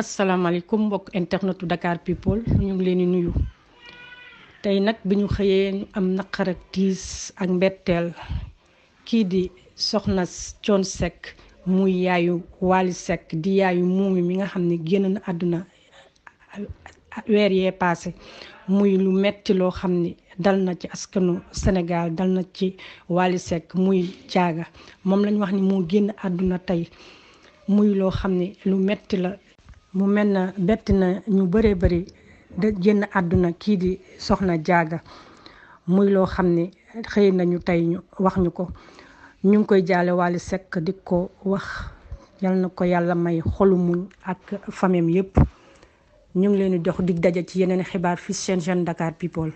asalaamaaleykum mbokk internetu Dakar People ñu ngi leen di nuyu tey nag bi ñu xëyee ñu am naqar ak tiis ak mbetteel kii di soxna Thione Seck muy yaayu Wally Seck di yaayu muumi mi nga xam ne génn àdduna weer yee paase muy lu metti loo xam ni dal na ci askanu Sénégal dal na ci Wally Seck muy jaaga moom lañu wax ni moo génn àdduna tey muy loo xam ne lu metti la mu mel bett na ñu bëree bëri da génn àdduna kii di soxna jaaga muy loo xam ni xëy nañu tey ñu wax ñu ko ñu ngi koy jaale Wally Seck di ko wax yal na ko yàlla may xolu muñ ak famem yépp ñu ngi leen di jox dig daje ci yeneen xibaar fi seen chaîne Dakar People